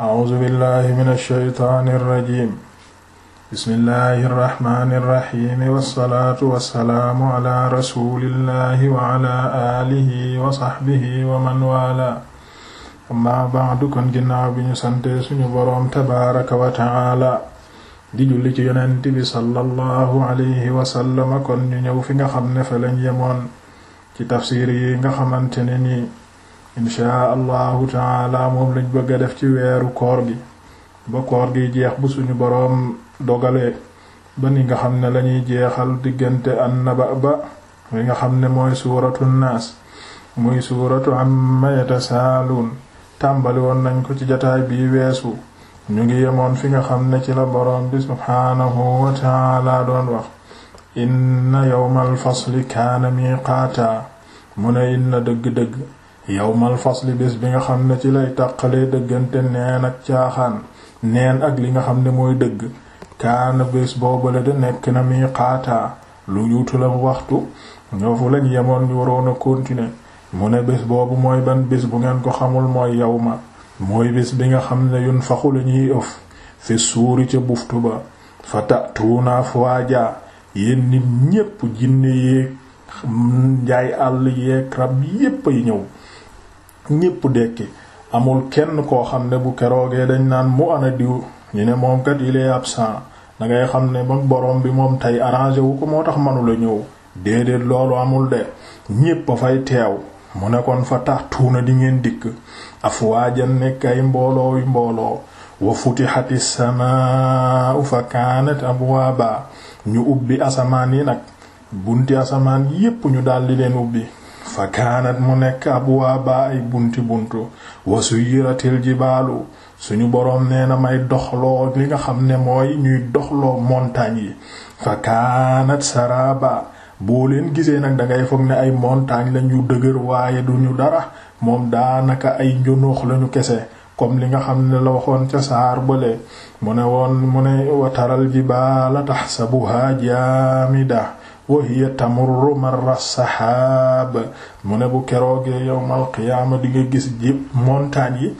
a'uuzu billahi mina shaytaani rajiim bismillahi rahmaani rahiim wassalaatu wassalaamu ala rasuulillahi wa ala aalihi wa sahbihi wa man waalaa amma ba'du kon ginnaaw bi ñu sante suñu boroom tabaaraka wa ta'aala di julli ci yonent bi sallallahu alayhi wa sallam kon ñu ñëw fi nga xam ne fa lañ yemoon ci tafsiir yi nga xamante ne nii inchaa allahu taala moom lañ bëgg a def ci weeru koor gi ba koor gi jeex bu suñu boroom dogalee ba ni nga xam ne lañuy jeexal diggante annaba ba li nga xam ne mooy suuratu naas muy suuratu amma yatasaaluun tàmbali woon nañ ko ci jataay bii weesu ñu ngi yemoon fi nga xam ne ci la boroom bi subhaanahu wa doon wax inna yawmal fasli kaana miqaata mu ne inna dëgg-dëgg yawmal li bés bi nga xam ne ci lay tàqalee dëggante neen ak caaxaan neen ak li nga xam ne mooy dëgg kaana bés boobale de nekk na mi xaataa lu juutu la waxtu ñoo fu lañ yemoon ñu waroon a continuer mu ne bés boobu mooy ban bés bu ngeen ko xamul mooy yawma mooy bés bi nga xam ne yun faxu la ñuy ëf fi suuri ca buftu ba fa tatuuna afwaajaa yéen nit ñépp jinne yeeg njaay àll yeeg rab yépp ay ñëw ñépp dekki amul kenn koo xam ne bu keroogee dañ naan mu ana diw ñu ne moom kat il est absent da ngay xam ne ba borom bi moom tey arrangé wu ko moo tax manula ñëw déedéet loolu amul de ñépp a fay teew mu nekkoon kon fa tax di ngeen dikk afwaajan nekk ay mbooloo yu mbooloo wa futihati samaa'u fa kaanat abwaaba ñu ubbi asamaan yi nag bunti asamaan yépp ñu daldi leen ubbi fa kaanat mu nekk abwaaba ay bunti buntu wa suyiratil jibaalu suñu boroom nee na may doxloo li nga xam ne mooy ñuy doxloo montagnes yi fa kaanat saraba boo leen gisee nag dangay foog ne ay montagnes lañ yu dëgër waaye du ñu dara moom daanaka ay njonoox lañu kese comme li nga xam ne la waxoon ca saar bële mu ne woon mu ne wataral jibaala tahsabuha jaamida wa hiya tamurru marra saxaab mu ne bu keroogee yawmal qiyaama di nga gis ji montagne yi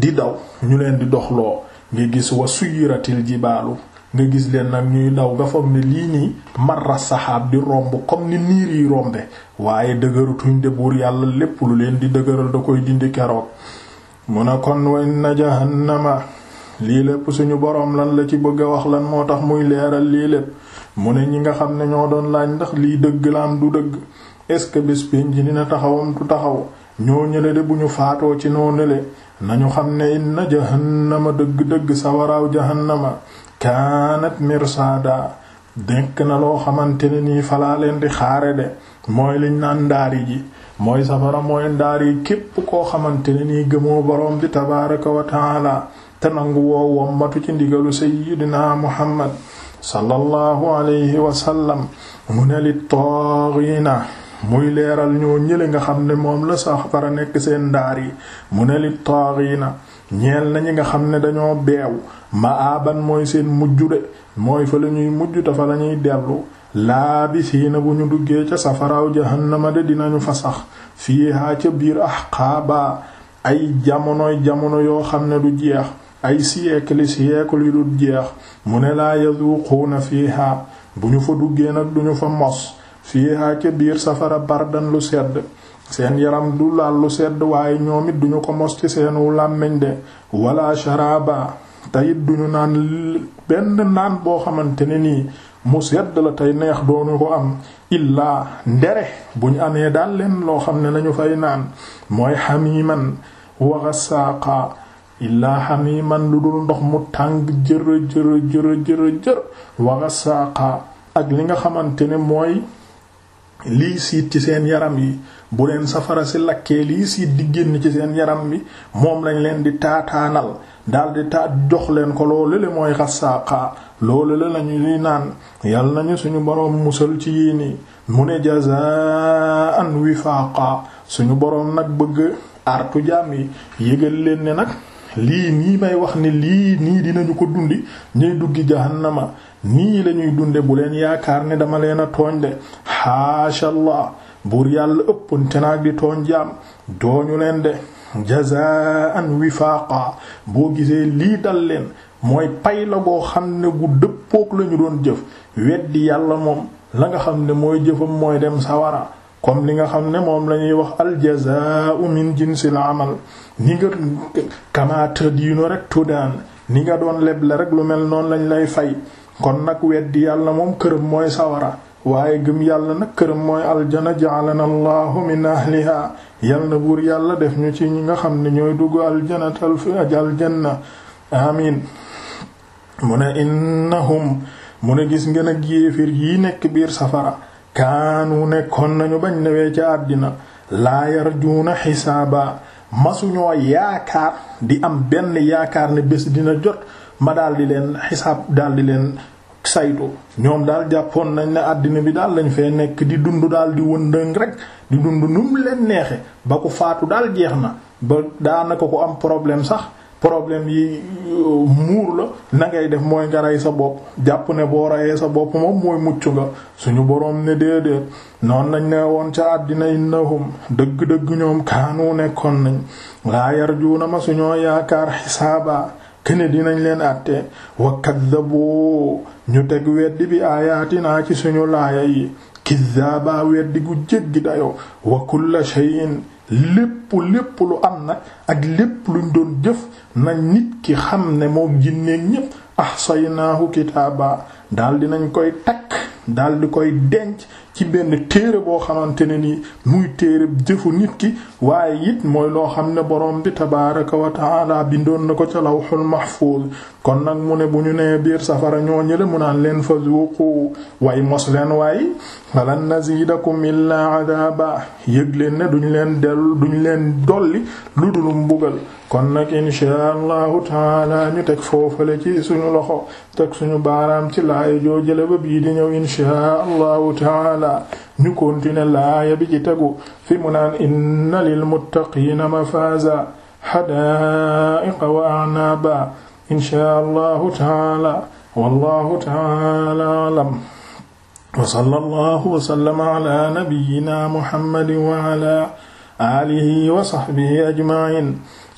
di daw ñu leen di doxloo nga gis wa suyiratil jibaalu nga gis leen nag ñuy daw nga foog ne lii nii marra saxaab di romb comme ni niir yi rombe waaye dëgëratuñ de buur yàlla lépp lu leen di dëgëral da koy dindi keroog mu ne kon wa inna lii lépp suñu boroom lan la ci bëgg a wax lan moo tax muy leeral lii lépp mu ne ñi nga xam ne ñoo doon laaj ndax lii dëgg la am du dëgg est-ce que bés pénc dina taxawam du taxaw ñoo ñële de bu ñu faatoo ci noo nele nañu xam ne inna jahannama dëgg-dëgg sawaraaw jahannama kaanat saada nekk na loo xamante ne nii falaa leen di xaare de mooy liñ naan ndaari ji mooy safara mooy ndaari képp koo xamante ni nii gëmoo boroom bi tabaaraka wa te nangu woo wommatu ci ndigalu sayyidina muhammad sallallahu alayhi sallam mu ne li muy leeral ñoo ñële nga xam ne moom la sax fara nekk seen ndaar yi mu ne li taaghina ñeel nañu nga xam ne dañoo beew ma aban mooy seen mujj de mooy fa la ñuy mujj te fa la ñuy dellu laabisiina bu ñu duggee ca safaraaw jahannama de dinañu fa sax fiihaa ca biir ahqaaba ay jamonoy jamono yoo xam ne du jeex ay siècle siècle yu dul jeex mu ne laa yazuquuna fiiha bu ñu fa duggee nag duñu fa mos fiiha ca biir safara bardan lu sedd seen yaram du laal lu sedd waaye ñoom it duñu ko mos ci seenu làmmiñ de wala sharaba teyit duñu naan benn naan boo xamante ne nii mu sedd la tey neex doonu ko am illaa ndere buñ amee daal leen loo xam ne lañu fay naan mooy xamiiman wa ghassaqa illaa man lu dul ndox mu tàng jërë jërë jërë jërë jër waga ak li nga xamante ne mooy lii siit ci seen yaram yi bu leen safara si lakkee lii siit di génn ci seen yaram bi moom lañ leen di taataanal daldi taat jox leen ko loolu le mooy xasaaqa loolu la lañu li naan yal nañu suñu boroom musal ci yii mu ne jazaan wifaaqa suñu boroom nag bëgg artu jaam yi yëgal leen ne nag lii nii may wax ne lii nii dinañu ko dundi ñuy duggi jahannama nii lañuy dunde bu leen yaakaar ne dama leen a tooñ de haasha allah buur yàlla ëppante naag di tooñ jaam dooñu leen de jazaan wifaqa boo gisee lii dal leen mooy pay la goo xam ne gu dëppook lañu doon jëf weddi yàlla moom la nga xam ne mooy jëfam mooy dem sawara comme li nga xam ne moom lañuy wax aljazaa'u min jinsil amal ni nga kama tadiinu rek tudaan ni nga doon leble rek lu mel noonu lañ lay fay kon nag weddi yàlla moom këram mooy sawara waaye gëm yàlla nag këram mooy aljana ja'alana allahu min ahliha yal na buur yàlla def ñu ci ñi nga xam ne ñooy dugg aljanatal fi aljanna amin mu ne innahum mu ne gis ngeen ak yéefir yi nekk biir safara kaanu nekkoon nañu bañ newee ca àddina laa yarjuuna xisaaba masuñoo yaakaar di am benn yaakaar ne bés dina jot ma daal di leen xisaab daal di leen saytu ñoom daal jàppoon nañ ne àddina bi daal lañ fee nekk di dund daal di wëndëng rek di dund num leen neexe ba ku faatu daal jeex na ba daanaka ko am problème sax problème yi euh, muur la nangay def mooy nga sa bopp jàpp ne boo reyee sa bopp moom mooy mucc nga suñu boroom ne déedéet noonu nañ ne woon ca àddina innahum dëgg-dëgg ñoom kaanu nekkoon nañ laa yarjuuna ma suñoo yaakaar xisaaba kene dinañ leen atte wa kaddabu ñu teg weddi bi aayaatinaa ci suñu laaya yi kizzaaba weddi gu jéggi dayoo wa kulla shay'in lépp lépp lu am na ak lépp luñ doon jëf na nit ki xam ne moo jinneeg ñépp ahsaynaahu kitaaba daal dinañ koy takk daal di koy denc ci benn téere boo xamante ne ni muy téere jëfu nit ki waaye it mooy loo xam ne borom bi tabaaraka wa taala bindoon na ko ca lawhul mahfuz kon nag mu ne bu ñu nee biir safara ñoo ñële mu naan leen fa zuuqu way mos leen waay falan nazidakum illaa adaba yëg leen ne duñ leen dellu duñ leen dolli lu dul mbugal kon nag inshaa allahu taala ñu teg foofale ci suñu loxo teg suñu baaraam ci laaya joo jële ba bii di ñëw inshaa allahu taala ñu continuer laaya bi ci tegu fi mu naan inna lil muttaqiina mafaaza hadaa'iqa wa a'naaba inshaa allahu taala wallahu taala alam wa sallallahu wa sallama ala nabiyyina muhammadin wa ala alihi wa sahbihi ajma'in